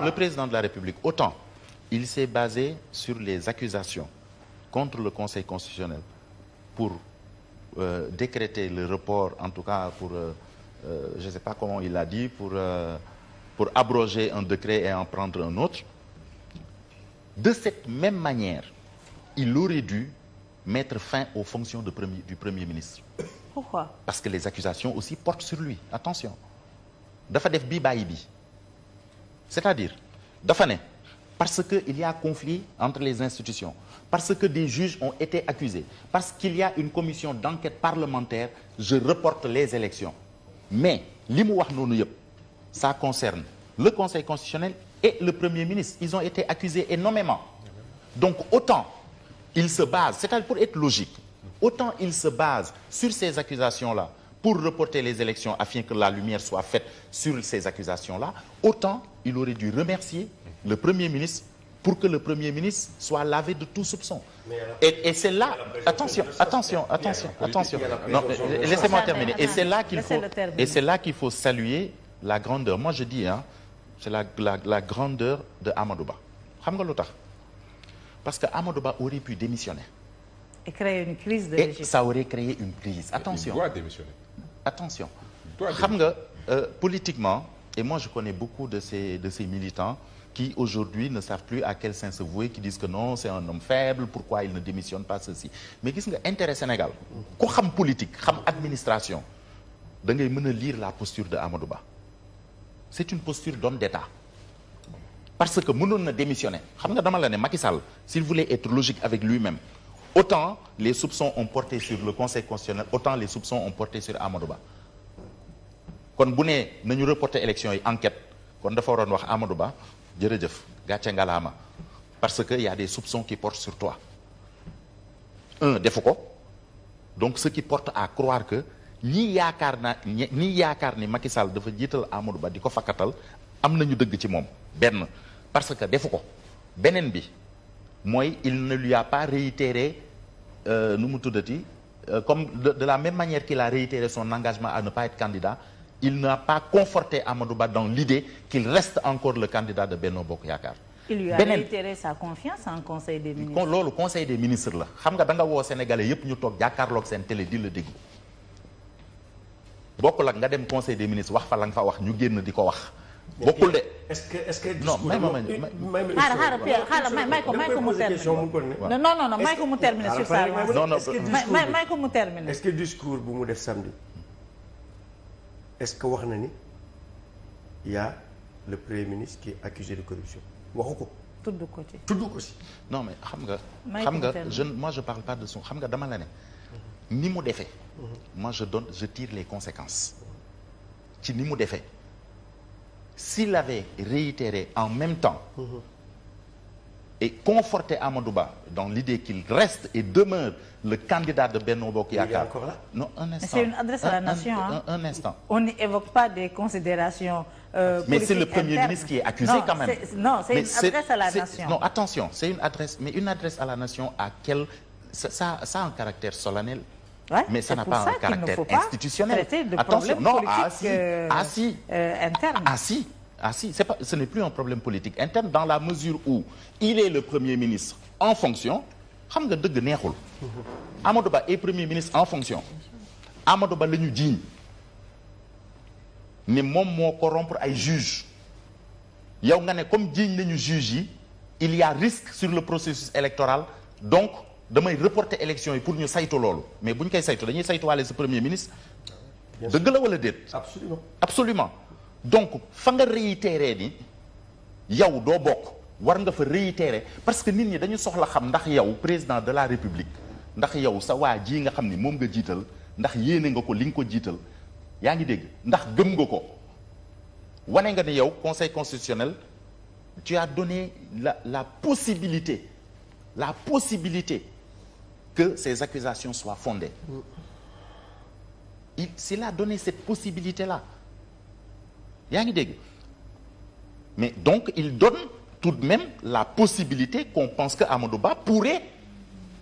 Ah. Le président de la République, autant il s'est basé sur les accusations contre le Conseil constitutionnel pour euh, décréter le report, en tout cas pour, euh, euh, je ne sais pas comment il l'a dit, pour, euh, pour abroger un décret et en prendre un autre. De cette même manière, il aurait dû mettre fin aux fonctions de premier, du Premier ministre. Pourquoi Parce que les accusations aussi portent sur lui. Attention. Dafa def bi bàyyi bi. c'est-à-dire dafa ne parce que y a conflit entre les institutions parce que des juges ont été accusés parce qu'il y a une commission d'enquête parlementaire je reporte les élections mais li mu wax noonu yëpp ça concerne le conseil constitutionnel et le premier ministre ils ont été accusés énormément donc autant ils se basent c'est-à-dire pour être logique autant ils se basent sur ces accusations-là pour reporter les élections afin que la lumière soit faite sur ces accusations-là, autant il aurait dû remercier le Premier ministre pour que le Premier ministre soit lavé de tout soupçon. Et, et c'est là, attention, attention, attention, attention. Non, euh, laissez-moi terminer. Et c'est là qu'il faut, et c'est là qu'il faut saluer la grandeur. Moi, je dis, hein, c'est la, la, la, grandeur de Amadouba. Parce que Amadouba aurait pu démissionner. Et créer une aurait créé une crise. Attention. Il doit démissionner. attention xam nga euh, politiquement et moi je connais beaucoup de ces de ces militants qui aujourd'hui ne savent plus à quel saint se vouer qui disent que non c'est un homme faible pourquoi il ne démissionne pas ceci mais gis nga intérêt Sénégal ku xam politique xam administration da ngay mën a lire la posture de Amadou Ba c'est une posture d'homme d'État parce que mënoon na démissionner xam nga dama la ne Macky Sall s'il voulait être logique avec Autant les soupçons ont porté sur le Conseil constitutionnel, autant les soupçons ont porté sur Amadou Ba. kon bu nee nañu reporter élection yi enquête kon dafa waroon wax Amadou Ba jërëjëf gàcce ngalaama parce que y a des soupçons qui portent sur toi defu ko donc ce qui porte à croire que ñi yaakaar naa ñi yaakaar ni Macky Sall dafa jiital Amadou Ba di ko fakkatal am nañu dëgg ci moom benn parce que defu ko beneen bi mooy il ne lui a pas réitéré Euh, nu mu tuddati euh, comme de, de la même manière qu'il a réitéré son engagement à ne pas être candidat il n'a pas conforté Amadou Ba dans l'idée qu'il reste encore le candidat de Benno Bokk Yaakaar il lui a réitéré sa confiance en conseil des ministres. loolu conseil des ministres la xam nga danga woo sénégalais yépp ñu toog jàkkaarloog seen télé di la déglu bokkul ak nga dem conseil des ministres wax fa la nga fa wax ñu génn di ko wax bokkul de est-ce que est-ce que. non may ma ma terminer. non non non may terminer est-ce que discours bu mu def samedi est-ce que wax na ni y a le premier ministre qui est accusé de corruption waxu ko. tudd ko ci tudd ko ci. non mais xam nga. xam nga je moi je parle pas de son xam nga dama la ne. ni mu defee. Mhm. moi je donne je tire les conséquences. ci ni mu defee. s'il avait réitéré en même temps mmh. et conforté Amadou Ba dans l'idée qu'il reste et demeure le candidat de Benno Bokk Yakaar. Non, un instant. C'est une adresse un, à la nation. Un, un, un instant. On n'évoque pas des considérations euh, Mais c'est le Premier interne. ministre qui est accusé non, quand même. Non, c'est une adresse à la nation. Non, attention, c'est une adresse mais une adresse à la nation à quel ça, ça, ça a un caractère solennel. Ouais, mais ça n'a pas un caractère institutionnel. Attention, non, ah si, euh, ah si, euh, ah, ah, ce n'est plus un problème politique interne dans la mesure où il est le Premier ministre en fonction xam nga dëgg neexul Amadou Ba est Premier ministre en fonction Amadou Ba la ñu jiiñ ni moom moo corrompre ay juges yow nga ne comme jiiñ nañu juges yi il y risque sur le processus électoral donc damay reporter élection yi pour ñu saytu loolu mais bu ñu koy saytu dañuy saytuwaale sa premier ministre. dëgg la wala déet. absolument absolument donc fa nga réitéré ni yow doo bokk war nga fa réitéré parce que nit ñi dañu soxla xam ndax yow président de la république ndax yow sa waa ji nga xam ni moom nga jiital ndax yéene nga ko li nga ko jiital yaa ngi dégg ndax gëm nga ko wane nga ni yow conseil constitutionnel tu as donné la la possibilité la possibilité. que ces accusations soient fondées. Il s'il a donné cette possibilité-là. yaa ngi dégg mais donc il donne tout de même la possibilité qu'on pense que Amadou pourrait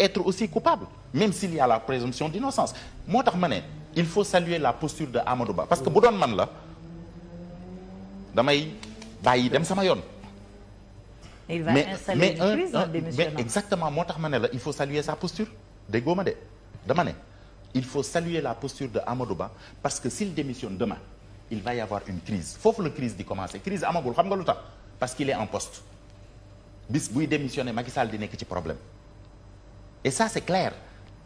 être aussi coupable même s'il y a la présomption d'innocence moo tax ma ne il faut saluer la posture de Amadou parce que bu doon man la damay bàyyi dem sama yoon. il va mais, exactement moo tax ma ne la il faut saluer sa posture. déggoo ma de dama ne il faut saluer la posture de Amadou Ba parce que s'il démissionne demain il va y avoir une crise foofu la crise di commencer crise amagul xam nga lu tax parce qu'il est en poste bis buy démissionner Macky Sall di nekk ci problème et ça c'est claire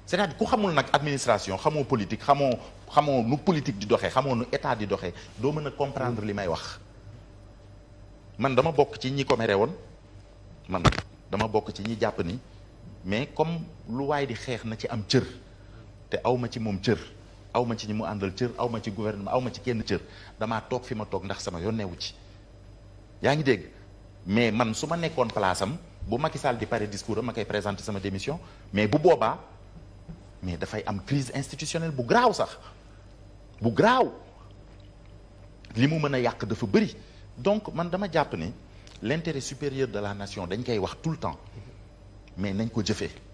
cest à ku xamul nag administration xamoo politique xamoo xamoo nu politique di doxee xamoo nu état di doxe doo mën a comprendre li may wax man dama bokk ci ñi ko mere woon man dama bokk ci ñi jàpp ni mais comme lu waay di xeex na ci am cër te aw ma ci moom cër aw ma ci ñi mu àndal cër aw ma ci gouvernement aw ma ci kenn cër damaa toog fi ma toog ndax sama yoon newu ci yaa ngi dégg mais man su ma nekkoon place bu Macky Sall di pare discours am ma koy présenter sama démission mais bu boobaa mais dafay am crise institutionnelle bu graaw sax bu graaw li mu mën a yàq dafa bëri donc man dama jàpp ni l'intérêt supérieur de la nation dañ koy wax tout le temps mais nañ ko jëfee